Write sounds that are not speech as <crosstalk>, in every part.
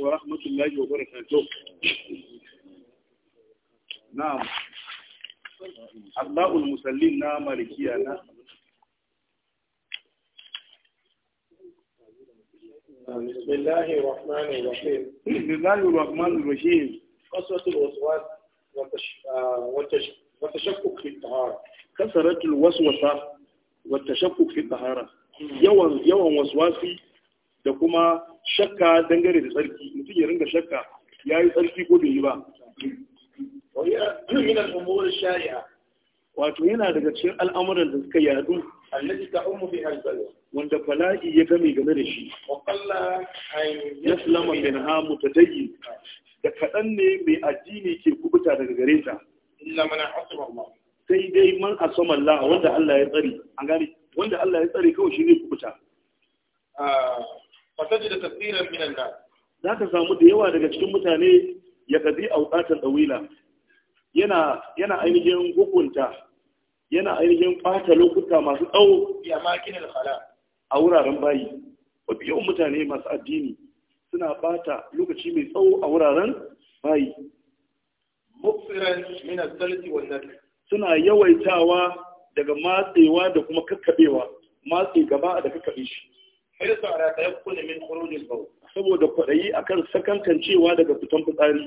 الله ورحمة الله وبركاته نعم الله المسلمين نعم مالكية نعم بسم الله الرحمن الرحيم بسم الله الرحمن الرحيم قصرة الوسواس آه، والتشكك في الطهارة كثرة الوسوسة والتشكك في الطهارة يوم يوم وسواسي da kuma shakka dangane da tsarki mutum ya ringa shakka ya yi tsarki ko bai yi ba wato yana daga cikin al'amuran da suka yadu wanda fala'i ya game game da shi ya na hamu ta mutadayyi da kaɗan ne mai addini ke kubuta daga gare ta sai dai man asama Allah wanda Allah ya tsare an gane wanda Allah ya tsare kawai shi ne kubuta ah, فتجد kaseeran من الناس ذاك samu da yawa daga cikin mutane ya kazi auqatan dawila yana yana ainihin hukunta yana ainihin fata lokuta masu tsawo ya makin alkhala a wuraren bayi wato yawan mutane masu addini suna ɓata lokaci mai tsawo a wuraren bayi mufsiran min al salati wan nadr suna yawaitawa daga matsewa da kuma kakkabewa matse gaba da kakkabe shi irsa ala tayakkul min khuruj al-bawl saboda kwadayi akan sakankancewa daga fitan fitsari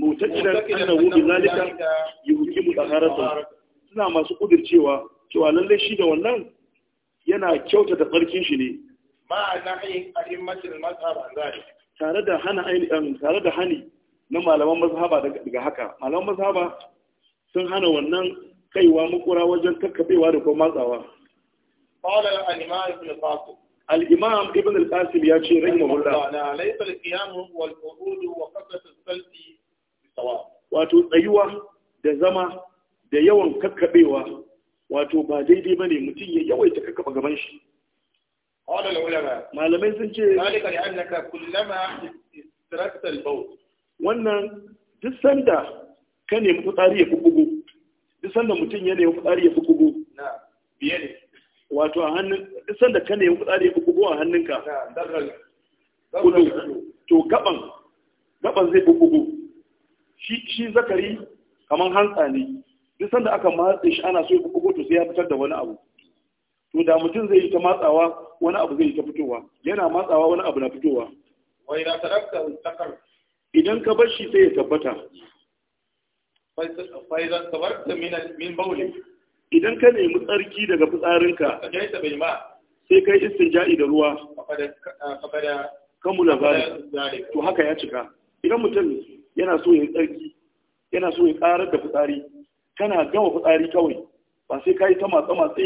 mutakilan na bi zalika yuqimu taharata suna masu kudircewa cewa lallai shi da wannan yana kyautata tsarkin shi ne ma nahi a'immatul mazhab an zalik tare da hana ainihin um, tare da hani na malaman mazhaba daga haka malaman mazhaba sun hana wannan kaiwa makura wajen kakkabewa da kuma matsawa qala al-imam ibn qasim الإمام ابن القاسم ياتي رحمه الله ليس القيام والقعود وكثرة السلف بالصواب wato tsayuwa da zama da yawan kakkabewa wato ba daidai ba ne mutum ya yawaita kakkaba gaban shi malamai sun ce wannan duk sanda ka nemi fitsari ya fi bugu duk sanda mutum ya nemi fitsari ya fi bugu biye ne wato a hannun isan da ka nemi fitsari ku bugu a hannunka kudu to gaban gaban zai bugu shi zakari kamar hantsa ne duk sanda aka matsa shi ana so ya bugu to sai ya fitar da wani abu to da mutum zai yi ta matsawa wani abu zai yi ta fitowa yana matsawa wani abu na fitowa wai na tarakta zakar idan ka bar shi sai ya tabbata fa tabarta min min idan ka nemi tsarki daga fitsarinka sai kai istinja'i da ruwa ah, kamula zari to haka ya cika idan mutum yana so ya tsarki yana so ya karar da fitsari kana gama fitsari kawai ba sai kai ta matsa matse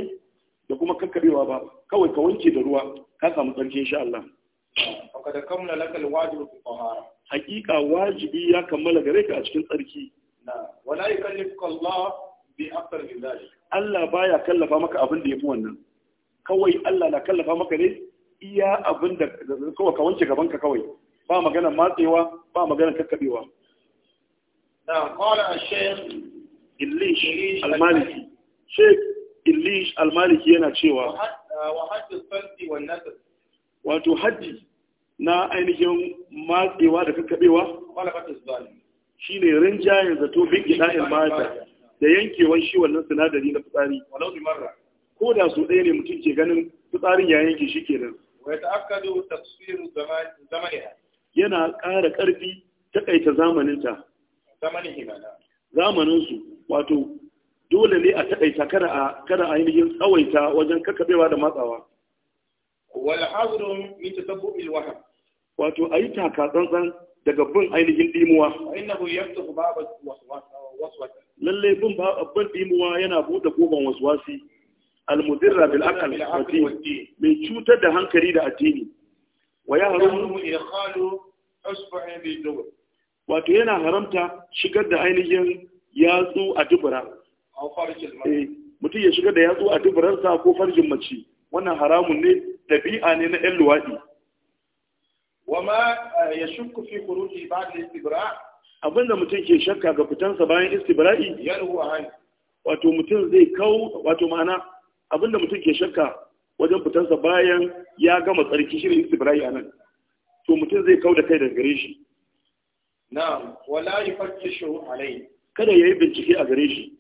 da kuma kakkarewa ba kawai ka wanke da ruwa ka samu tsarki insha Allah Hakika wajibi ya kammala gare ka a cikin tsarki na wala yukallifuka Allah bi akthar min dhalik Allah baya kallafa maka abin da ya fi wannan kawai Allah na kallafa maka ne iya abin da kawai ka wanke gabanka kawai ba magana matsewa ba magana kakkaɓewa na qala a shaykh Ilish almaliki Sheikh Ilish al yana cewa wa wato haddi na ainihin matsewa da kakkabewa qala fatis shine rinjayen zato bin gida'il mata da yankewan shi wannan sinadari na fitsari walau bi marra ko da su ɗaya ne mutum ke ganin fitsarin ya yanke shi kenan wa ta'akkadu tafsiru zamaniha yana ƙara ƙarfi takaita zamaninta zamaninsu wato dole ne a taƙaita kada a kada a ainihin tsawaita wajen kakabewa da matsawa wal hazrun min tasabbu'il wahab wato ayi taka tsantsan daga bin ainihin dimuwa innahu yaftahu baba waswasa lallai bin babban dimuwa yana buɗe goban waswasi almudirra bil aqal mai cutar da hankali da addini wa ya haramu ikhalu asba'i bi dubur wato yana haramta shigar da ainihin yatsu a dubura eh, mutum ya shigar da yatsu a duburarsa ko farjin mace wannan haramun ne ɗabi'a ne na 'yan luwaɗi wama eh, ya shukku fi kuruji ba da istibra abinda mutum ke shakka ga fitansa bayan istibra'i ya wato mutum zai kau wato ma'ana abinda mutum ke shakka wajen fitansa bayan ya gama tsarki shi ne istibra'i anan to mutum zai kau da kai daga gare shi na'am wala yufattishu alai kada yayi bincike a gare shi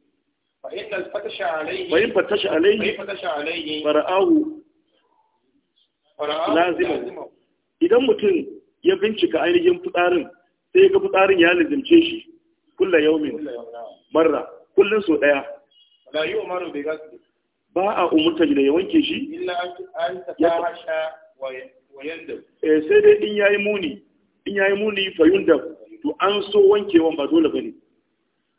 fa in fatasha alai fa in fatasha alai fara'ahu fara'ahu lazima idan mutum ya bincika ainihin fitsarin sai ga tsarin ya lizimce shi kulla yaumin marra kullun so daya la ba a umurta da ya wanke shi illa an wa eh sai dai in yayi muni in yayi muni fa da to an so wankewan ba dole bane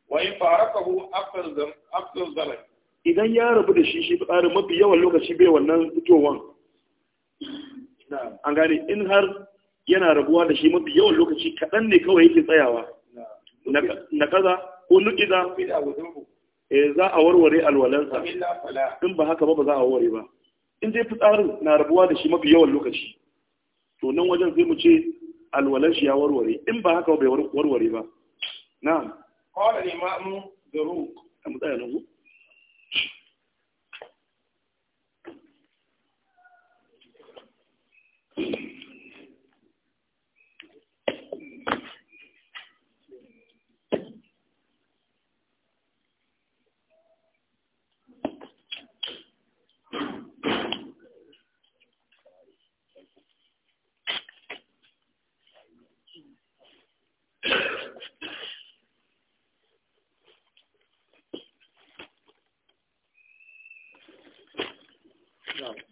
wa in farakahu afdal zam afdal zaman idan ya rabu da shi shi fitsarin mafi yawan lokaci bai wannan fitowan an gane in har yana rabuwa da shi mafi yawan lokaci kaɗan ne kawai yake tsayawa na kaza ko nukiza eh, za a warware alwalansa in ba haka ba ba za a warware ba in dai fitsarin na rabuwa da shi mafi yawan lokaci to nan wajen zai mu ce alwalan shi ya warware in ba haka ba bai warware ba na'am qala al-imam daruq am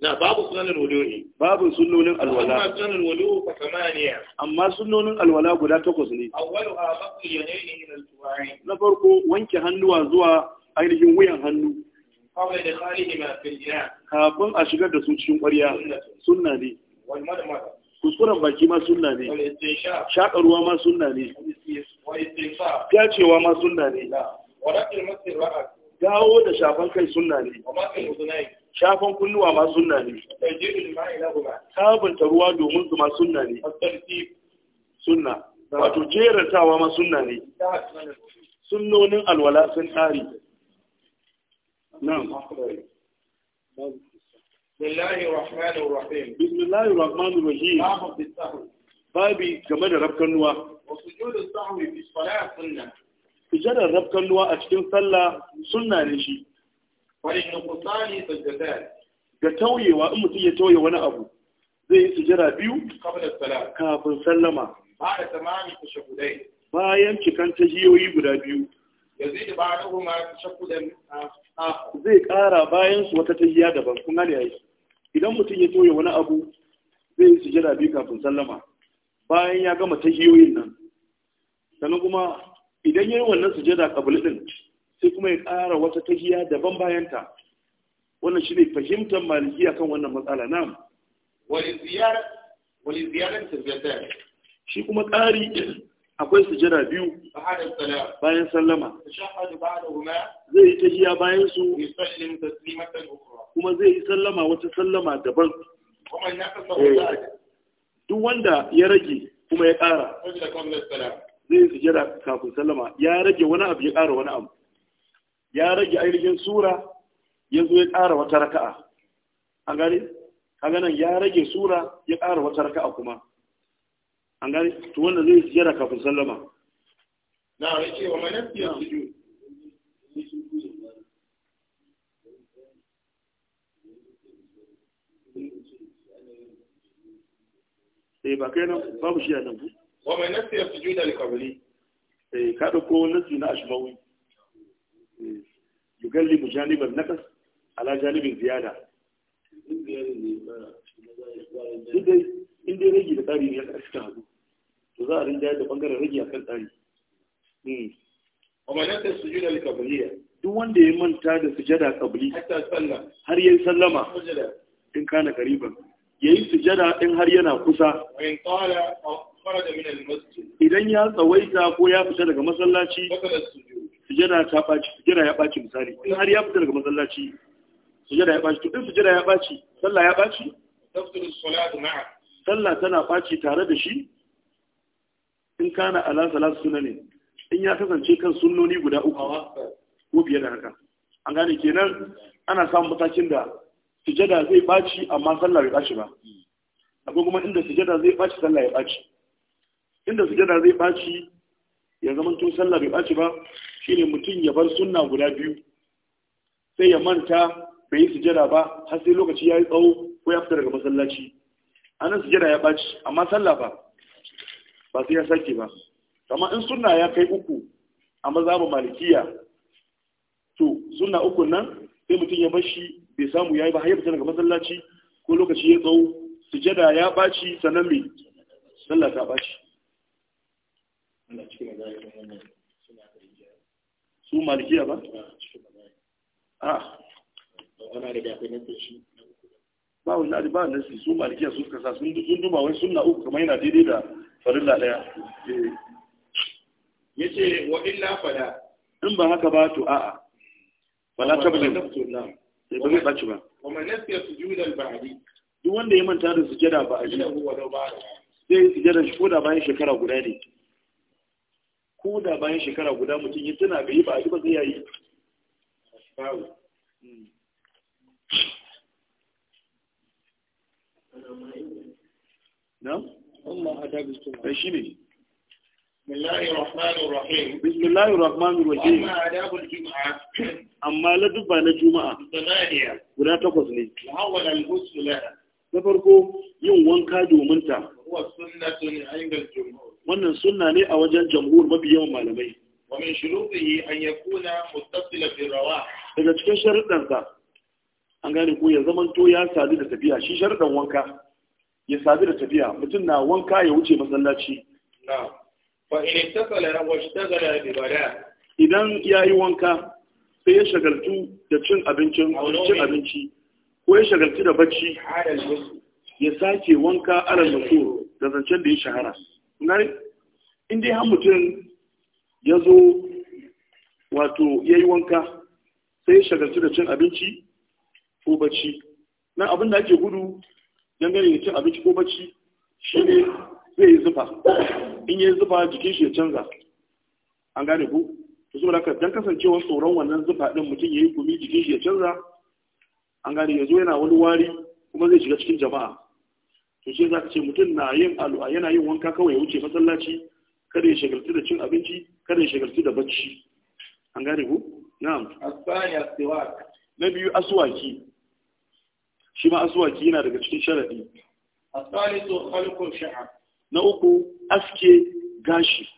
na babu sunanin babu alwala amma sunanin amma alwala guda takwas ne na farko wanke hannuwa zuwa ainihin wuyan hannu kafin a shigar da su cikin ƙwarya sunna ne kuskuren baki ma sunna ne shaƙa ma sunna ne fyacewa ma sunna ne dawo da shafan kai sunna ne shafan kunnuwa ma sunna ne sabunta ruwa domin su ma sunna ne sunna wato jerantawa ma sunna ne sunnonin alwala sun tsari nan bismillahi rahmanu rahim babi game da rafkan nuwa sujudun sahwi fi salat sunna sujudun rafkan nuwa a cikin sallah sunna ne shi وللنقصان سجدتان ga tauyewa in mutum ya tauye wani abu zai yi sujjara biyu kafin sallama bayan cikan tahiyoyi guda biyu zai kara bayan su wata tahiya daban kun gane yayi idan mutum ya tauye wani abu zai yi sujjara biyu kafin sallama bayan ya gama tahiyoyin nan sannan kuma idan ya yi wannan sujjara kabul din sai kuma ya ƙara wata tahiya daban bayanta wannan shi ne fahimtar a kan wannan matsala na wani ziyarar shi kuma ƙari akwai sujjada biyu bayan sallama zai yi tahiya bayan su kuma zai yi sallama wata sallama daban eh. duk wanda ya rage kuma ya ƙara zai yi sujjada kafin sallama ya rage wani abu ya ƙara wani abu ya rage ainihin sura ya zo ya ƙara wata raka'a an gane kaga nan ya rage sura ya ƙara wata raka'a kuma an gane to wanda zai ziyara kafin sallama na yake wa manafiya sujud eh ba kai nan babu shi a nan ku wa manafiya sujud da qabli eh ka dauko nasi na ashmawi yugallibu janiban nakas ala janibin ziyada in dai rage da tsari ne ya suka haɗu to za a rinda da bangaren rage akan tsari amma nan da sujud al-qabliya duk wanda ya manta da sujada qabli har yayin sallama in kana qariban yayi sujada in har yana kusa idan ya tsawaita ko ya fita daga masallaci sujada ta ɓaci sujada ya ɓaci misali in har ya fita daga masallaci sujada ya ɓaci to in sujada ya ɓaci sallah ya ɓaci sallah tana ɓaci tare da shi in kana ala salat suna ne in ya kasance kan sunnoni guda uku ko biye da haka an gane kenan ana samun matakin da sujada zai ɓaci amma sallah bai ɓaci ba akwai kuma inda sujada zai ɓaci sallah ya ɓaci inda sujada zai ɓaci ya zama tun sallah bai ɓaci ba shine mutum ya bar sunna guda biyu sai ya manta bai yi sujada ba har sai lokaci ya yi tsawo ko ya fita daga masallaci anan sujada ya ɓaci amma sallah ba ba sai ya sake ba amma in sunna ya kai uku a mazhabin malikiya to sunna uku nan sai mutum ya bar shi bai samu ya yi ba har ya fita daga masallaci ko lokaci ya tsawo sujada ya ɓaci sannan mai sallah ta ɓaci Allah cikin da su malikiya ba ah. ah. a ba wallahi ba nasi su malikiya su kasa sun duba wani suna uku kamar yana daidai da farilla daya eh. ce wa illa fala in ba haka ba to a'a wala tablim sai eh, ba zai bace ba wa man nasiya sujud al ba'di duk wanda ya manta da sujada ba'di sai sujada shi koda bayan shekara guda ne ko da bayan shekara guda mutum yi tuna bai ba a ba zai yayi na? shi ne بسم الله الرحمن الرحيم بسم الله الرحمن الرحيم أما آداب الجمعة أما ولا تقص لي وهو الغسل يوم هو wannan sunna ne a wajen jamhur mafi yawan malamai wa min shurutihi an yakuna muttasila bi rawah daga cikin sharuɗan sa an gane ko ya to ya sadu da tafiya shi sharuɗan wanka ya sadu da tafiya mutum na wanka ya wuce masallaci na fa in idan yayi wanka sai ya shagaltu da cin abincin cin abinci ko ya shagaltu da bacci ya sake wanka alal mutu da zancen da ya shahara gani in dai har mutum ya zo wato ya yi wanka sai ya shagarci da cin abinci ko bacci na abin da ake gudu dangane da cin abinci ko bacci shi ne zai yi zufa in yi zufa jikin shi ya canza an gane ku to saboda haka dan kasancewar tsoron wannan zufa din mutum ya yi gumi jikin shi ya canza an gane ya zo yana wani wari kuma zai shiga cikin jama'a to za ka ce mutum na yin alwa yana yin wanka kawai ya wuce masallaci kada ya shagaltu da cin abinci kada ya shagaltu da bacci an gane ku na'am asbaya siwak na biyu aswaki shi ma aswaki yana daga cikin sharadi asalisu khalqu sha'a. na uku aske gashi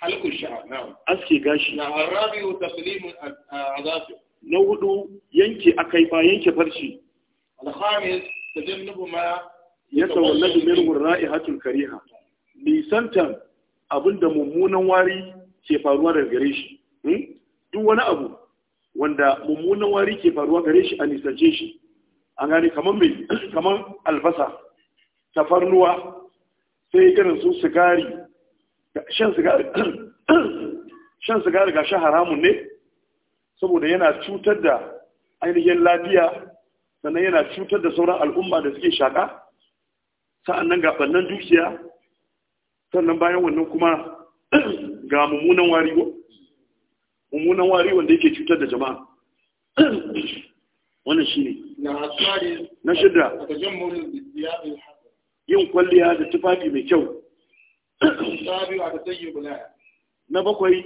khalqu sha'a. na'am aske gashi na arabiyu taslimu azaf na hudu yanke akai ba yanke farci al-khamis tajannubu ma ya tawalladu minhu ra'ihatul kariha nisantan abinda mummunan wari ke faruwa daga gare shi hmm? duk wani abu wanda mummunan wari ke faruwa gare shi a nisance shi an gane kamar mai kamar albasa tafarnuwa sai irin su sigari shan sigari <clears throat> shan sigari ga shan haramun ne saboda yana cutar da ainihin lafiya sannan yana cutar da sauran al'umma da suke shaka sa'annan nan bannan dukiya sannan bayan wannan kuma <clears throat> ga mummunan wari mummunan wari wanda yake cutar da jama'a <clears throat> wannan shi ne na shidda yin kwalliya da tufafi mai kyau <clears throat> na bakwai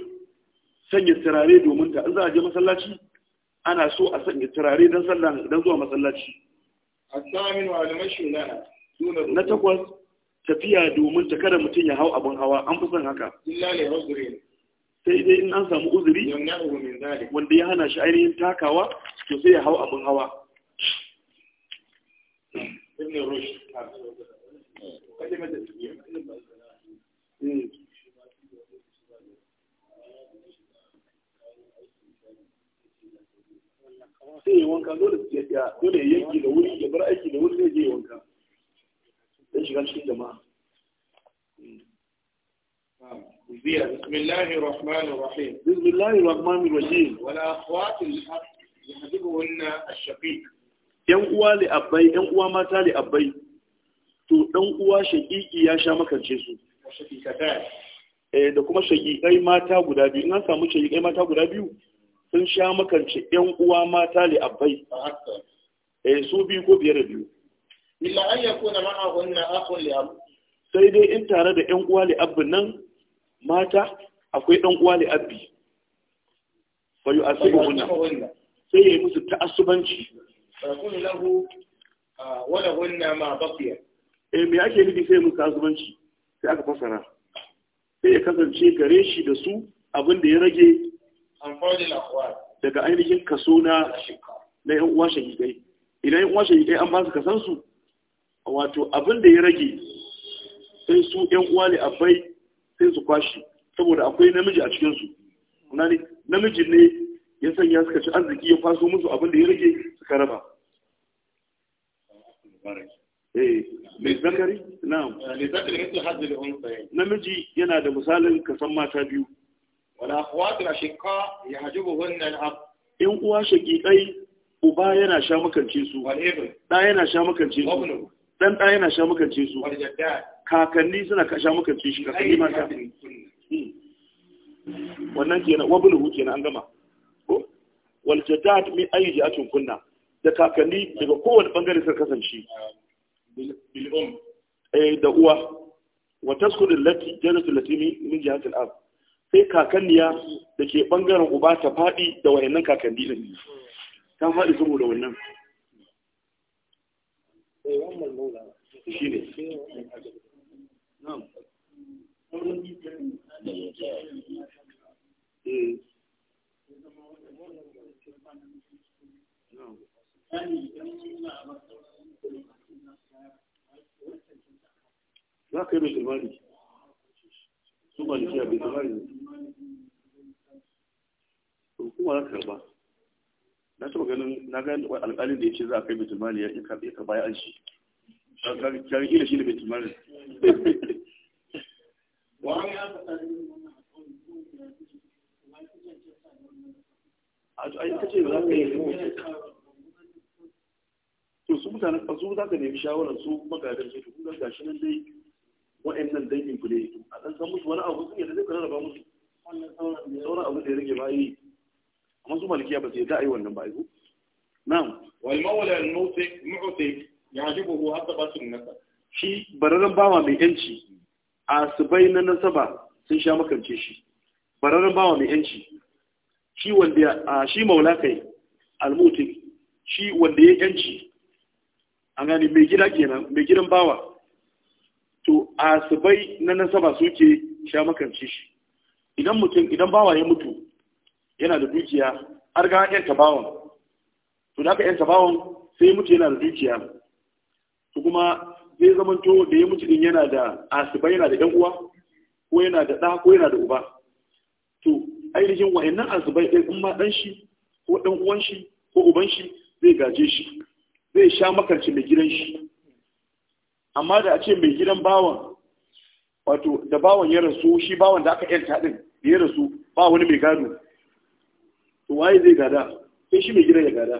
sanya turare domin ta za a je masallaci ana so a sanya turare don zuwa masallaci na takwas tafiya domin ta kada mutum ya hau abin hawa an fi son haka sai dai in an samu uzuri wanda ya hana shi ainihin takawa to sai ya hau abin hawa sai yi wanka dole ya yanki da wuri ya bar aiki da wuri zai je wanka shiga cikin jama'a بسم الله الرحمن الرحيم بسم الله الرحمن الرحيم ولا أخوات الحق يهدبهن الشقيق ‘Yan uwa li'abbai, ‘yan uwa mata li'abbai, to ɗan uwa shaƙiƙi ya sha makance su. Eh, da kuma shaƙiƙai mata guda biyu, in an samu shaƙiƙai mata guda biyu, sun sha ‘yan uwa eh, Su biyu ko biyar da biyu. illa an yakuna ma'ahunna akhun li ab sai dai in tare da ƴan uwa li abin nan mata akwai ɗan uwa li abbi fa yu'asibuhunna sai ya yi musu ta'assubanci fa yakunu lahu wa lahunna ma baqiya eh me ake nufi sai musu ta'assubanci sai aka fasara sai ya kasance gare shi da su abin da ya rage daga ainihin kaso na na yan uwa shahidai idan yan uwa shahidai an ba su kasan su wato abin da ya rage sai su yan uwa ne abai sai su kwashi saboda akwai namiji a cikin su ne namiji ne ya sanya suka ci arziki ya kwaso musu abin da ya rage suka raba eh, mai zakari eh, namiji yana da misalin kasan mata biyu wala akhwatu ashqa yahjubuhunna uwa shaqiqai uba yana sha makance su Ɗa yana sha makance su dan da yana sha makance su kakanni suna sha makance shi kakanni mata wannan kenan wabulu kenan an gama wal jaddat mi ayi atun kunna da kakanni daga kowane bangare sai kasance um. eh da uwa wa taskudu allati jannatu allati min al ab sai kakanniya da ke bangaren uba ta fadi da wayannan kakanni din ta fadi saboda wannan Eh, shi ne eh. za ka yi mai jirmani su malikiya kuma za karba na taɓa ganin na ga alƙalin da ya ce za a kai baitul mali ya karɓa ya an shi ka ga shi da baitul mali a ce za ka yi to su mutane ba su za ka nemi shawarar su magadan su kuma ga shi nan dai wa'annan dangin ku ne a ɗan san musu wani abu sun yadda zai ka rarraba musu sauran abu da ya rage bayi amma su malikiya ba su yadda ayi wannan ba ai na'am wal mawla al mutik mu'tik yajibuhu hasaba sunnah shi bararren bawa mai yanci a subai na nasaba sun sha makance shi bararren bawa mai yanci shi wanda a shi maula kai al mutik shi wanda ya yanci an gani mai gida kenan mai gidan bawa to a subai na nasaba suke sha makance shi idan mutum idan bawa ya mutu yana da dukiya har ga yan tabawon to da aka yan tabawon sai mutu yana da dukiya to kuma zai zamanto da ya mutu din yana da asibai yana da yan uwa ko yana da ɗa ko yana da uba to ainihin wa'annan asibai ɗin in ma ɗan shi ko ɗan uwan shi ko uban shi zai gaje shi zai sha makarci mai gidan shi amma da a ce mai gidan bawan wato da bawan ya rasu shi bawan da aka yanta din da ya rasu ba wani mai gado to waye zai gada sai shi mai gidan ya gada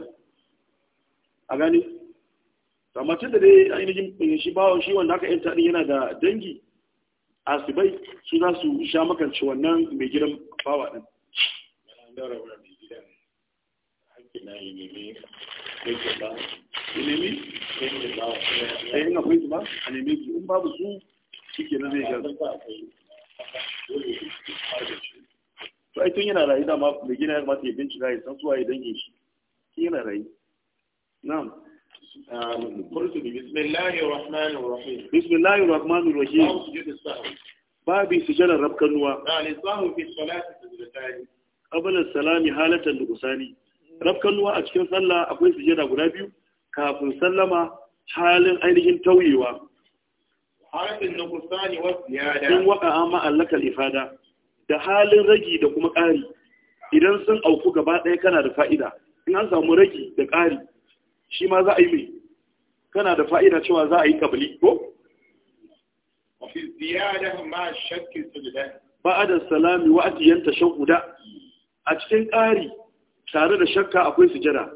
a gani amma tun da dai ainihin eh, shi bawon shi wanda aka yanta yana da dangi a su za su sha makarci wannan mai gidan bawa din eh, babu su shi ke na zai to ai tun yana rayu da ma mai gina ya kamata ya bincika ya san suwa ya dangin shi tun yana rayu na'am qultu bismillahir rahmanir rahim bismillahir rahmanir rahim babu sujada rabkanuwa al-islamu fi salati sujudatani qabla salami halatan nuqsani rabkanuwa a cikin sallah akwai sujada guda biyu kafin sallama halin ainihin tauyewa halatin nuqsani wa ziyada in waqa'a ma allaka al-ifada da halin ragi da kuma ƙari idan sun auku gaba ɗaya kana da fa'ida in an samu ragi da ƙari shi ma za a yi mai kana da fa'ida cewa za a yi kabili ko? da salami shan a cikin ƙari tare da shakka akwai sujada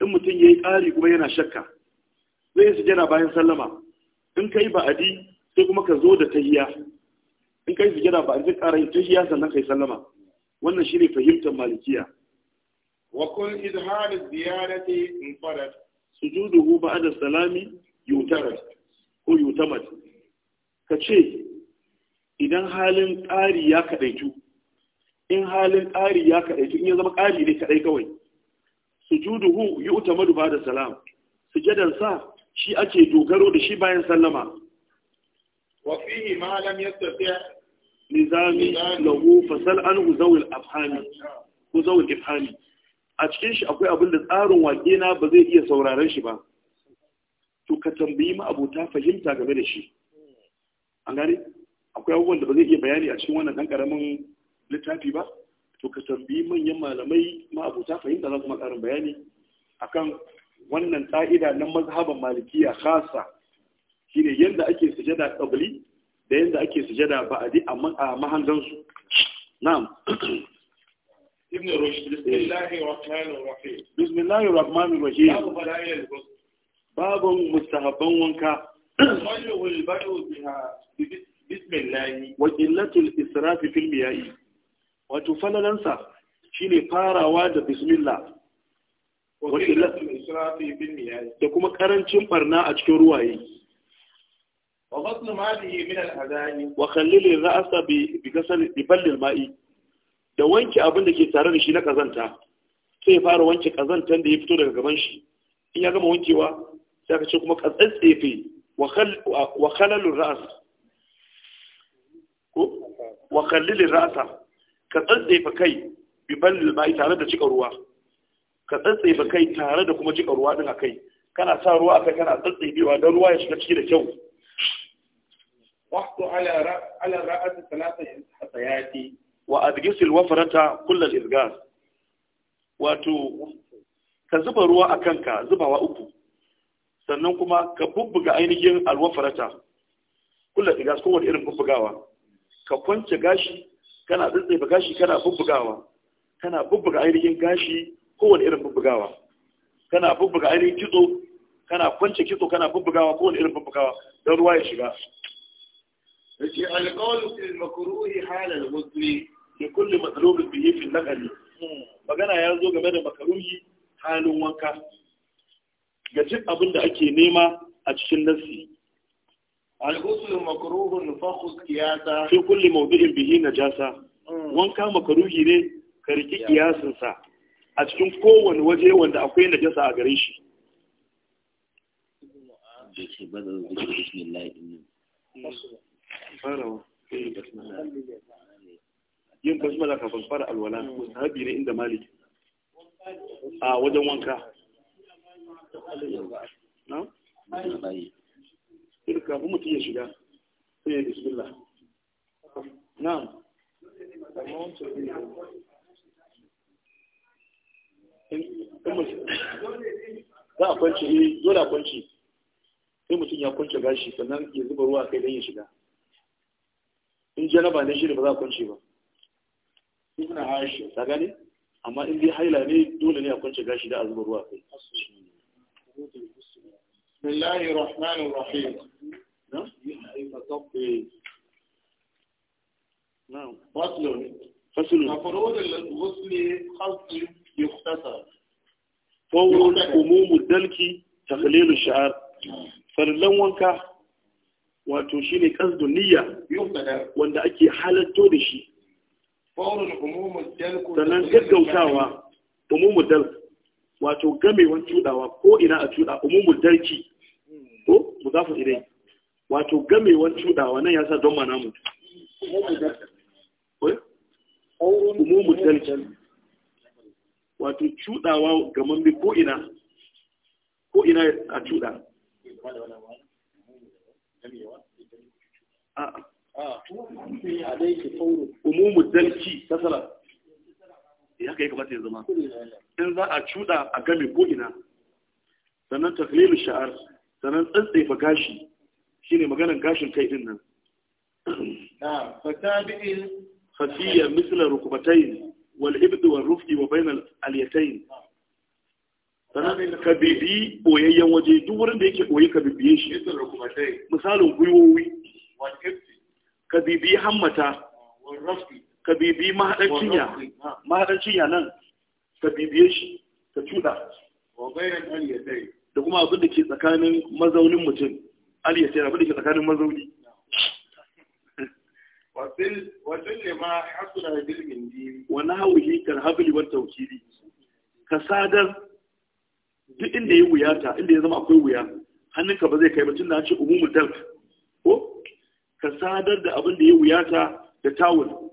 in mutum ya yi ƙari kuma yana shakka zai yi sujada bayan sallama in ka yi ba'adi sai kuma ka zo da tahiya in kai sujada ba an ji ƙara ta hiya sannan kai sallama wannan shine fahimtar malikiya wa kun izhar ziyarati infarat sujuduhu ba'da salami yutara ko yutamat kace idan halin ƙari ya kadaitu in halin ƙari ya kadaitu in ya zama ƙari ne kadai kawai sujuduhu yu'tamadu ba'da salam sujadan sa shi ake dogaro da shi bayan sallama وفيه ما لم يستطع نظامي له فسل عنه ذوي الأفهام ذوي الإفهام a cikin shi akwai abin da tsarin wake na ba zai iya sauraron shi ba to ka tambayi ma abota fahimta game da shi an gane akwai abubuwan da ba zai iya bayani a cikin wannan dan karamin littafi ba to ka tambayi manyan malamai ma abota fahimta za su ma karin bayani akan wannan ƙa'ida na mazhaban malikiya kasa. shine yanda ake sujada qabli da yanda ake sujada ba'di amma a mahangan su na'am ibn rushd bismillahir rahmanir rahim bismillahir rahmanir rahim babun mustahabban wanka wal ba'u biha bismillah wa qillatul israf fil miyahi wato falalansa shine farawa da bismillah da kuma karancin barna a cikin ruwaye وغسل ما به من الأذان وخلل الرأس بغسل ببل الماء da wanke abin da ke tare da shi na kazanta sai ya fara wanke kazantan da ya fito daga gaban shi in ya gama wankewa sai ka ce kuma kazantsefe wa khalalur ra's ko wa khallil ra'sa kazantsefe kai bi ballil ma'i tare da cika ruwa kazantsefe kai tare da kuma cika ruwa din akai kana sa ruwa akai kana tsantsefewa don ruwa ya shiga ciki da kyau واحط على على الرأس ثلاثة حصيات وأدقس الوفرة كل الإدقاس واتو كزب روا أكنك زب وأبو sannan kuma ka bubbuga ainihin alwafarata kulla igas kowane irin bubbugawa ka kwance gashi kana tsitsaifa gashi kana bubbugawa kana bubbuga ainihin gashi kowane irin bubbugawa kana bubbuga ainihin kitso kana kwance kitso kana bubbugawa kowane irin bubbugawa don ruwa ya shiga yace alqawlu fil makruhi halal musli li kulli matlubin bihi fil naqli magana ya zo game da makruhi halin wanka ga cin abin da ake nema a cikin nafsi al-ghusl makruhun fakhuz qiyasa fi kulli mawdi'in bihi najasa wanka makruhi ne ka riki kiyasin sa a cikin kowane waje wanda akwai najasa a gare shi bismillah Eh, yin basmala kafin fara alwala mustahabi ne inda malik a wajen wanka na? irka kuma mutum ya shiga sai ya bismillah na za a kwanci eh, dole a kwanci sai mutum ya kwanci gashi sannan ya zuba ruwa kai don ya shiga ba ne shi ne ba za a kwance ba ibn ba ta gane amma in dai haila ne dole ne a kwance gashi da azuba ruwa kai bismillahir rahmanir rahim na eh. na faslu faslu mafruḍ al-ghusl khasl yukhtasar fawr umum ad-dalki hmm. farlan wanka wato shine qasdun niyya wanda ake halatto da shi sannan gaggautawa umumud dal wato gamewan cudawa ko ina a cuda umumud dalki ko mudafu ilai wato gamewan cudawa nan yasa don mana mu umumud dalki wato cudawa gaman bi ko ina ko ina a cuda a'a umumu dalki kasara ya haka ya kamata ya zama in za a cuɗa a game ko'ina, sannan taklilu sha'ar sannan tsantsefa gashi shine maganan gashin kai din nan na fatabi'in khafiyya misla rukbatayn wal ibd wal ruf'i wa bayna al sannan ka bibi boyayyen waje duk wurin da yake boye ka bibiye shi misalin gwiwowi ka bibi hammata ka bibi mahaɗar cinya mahaɗar nan ka bibiye shi ka cuda, da kuma abin da ke tsakanin mazaunin mutum aliyatai abin da ke tsakanin mazauni wajen ma hasula da bilgin wani hauhi kan habili wata wakili ka sadar duk inda ya ta, inda ya zama akwai wuya hannunka ba zai kai ba tun da ce umumul dalk ko ka sadar da abin da ya wuya ta da tawul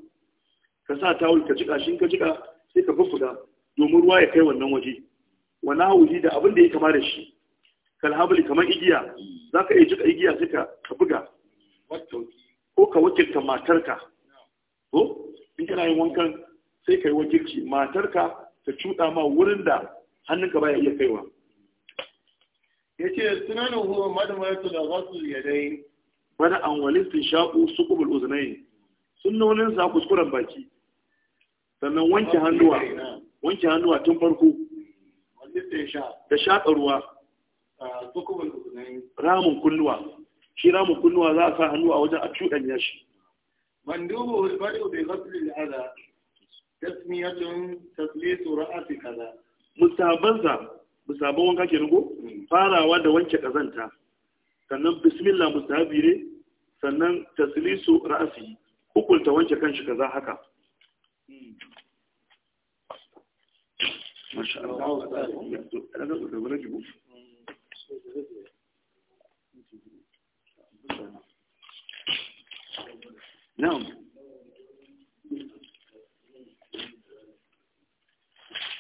ka sa tawul ka jika shin ka jika sai ka fufuda domin ruwa ya kai wannan waje Wani nahwihi da abin da ya kama da shi kal kamar igiya zaka iya jika igiya sai ka buga ko ka wakilta matarka ko in kana yin wankan sai ka yi wakilci matarka ta cuɗa ma wurin da hannunka baya iya kaiwa yace sunanuhu madmaratu da ghasl yadai Bana an walistin shaqu suqubul uznayn sunnonin sa kuskuren baki sannan wanke hannuwa wanke hannuwa tun farko da shaƙa ruwa Ramun kunnuwa shi ramun kunnuwa za a sa hannu a wajen a cuɗanya shi mandubu hulbari bai gasu da ada tasmiyatun taslisu ra'asi kaza musabansa musaban wanka ke nugo mm. farawa da wanke kazanta sannan bismillah musabi ne sannan taslisu ra'asi hukunta wanke kanshi kaza haka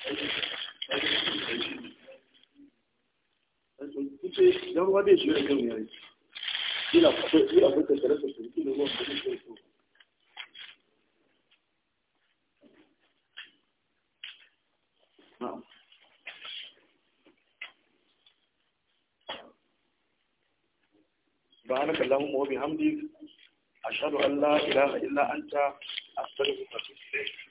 Thank you. kuce ruwa bai shiga kan da سبحانك اللهم وبحمدك أشهد أن لا إله إلا أنت أستغفرك وأتوب إليك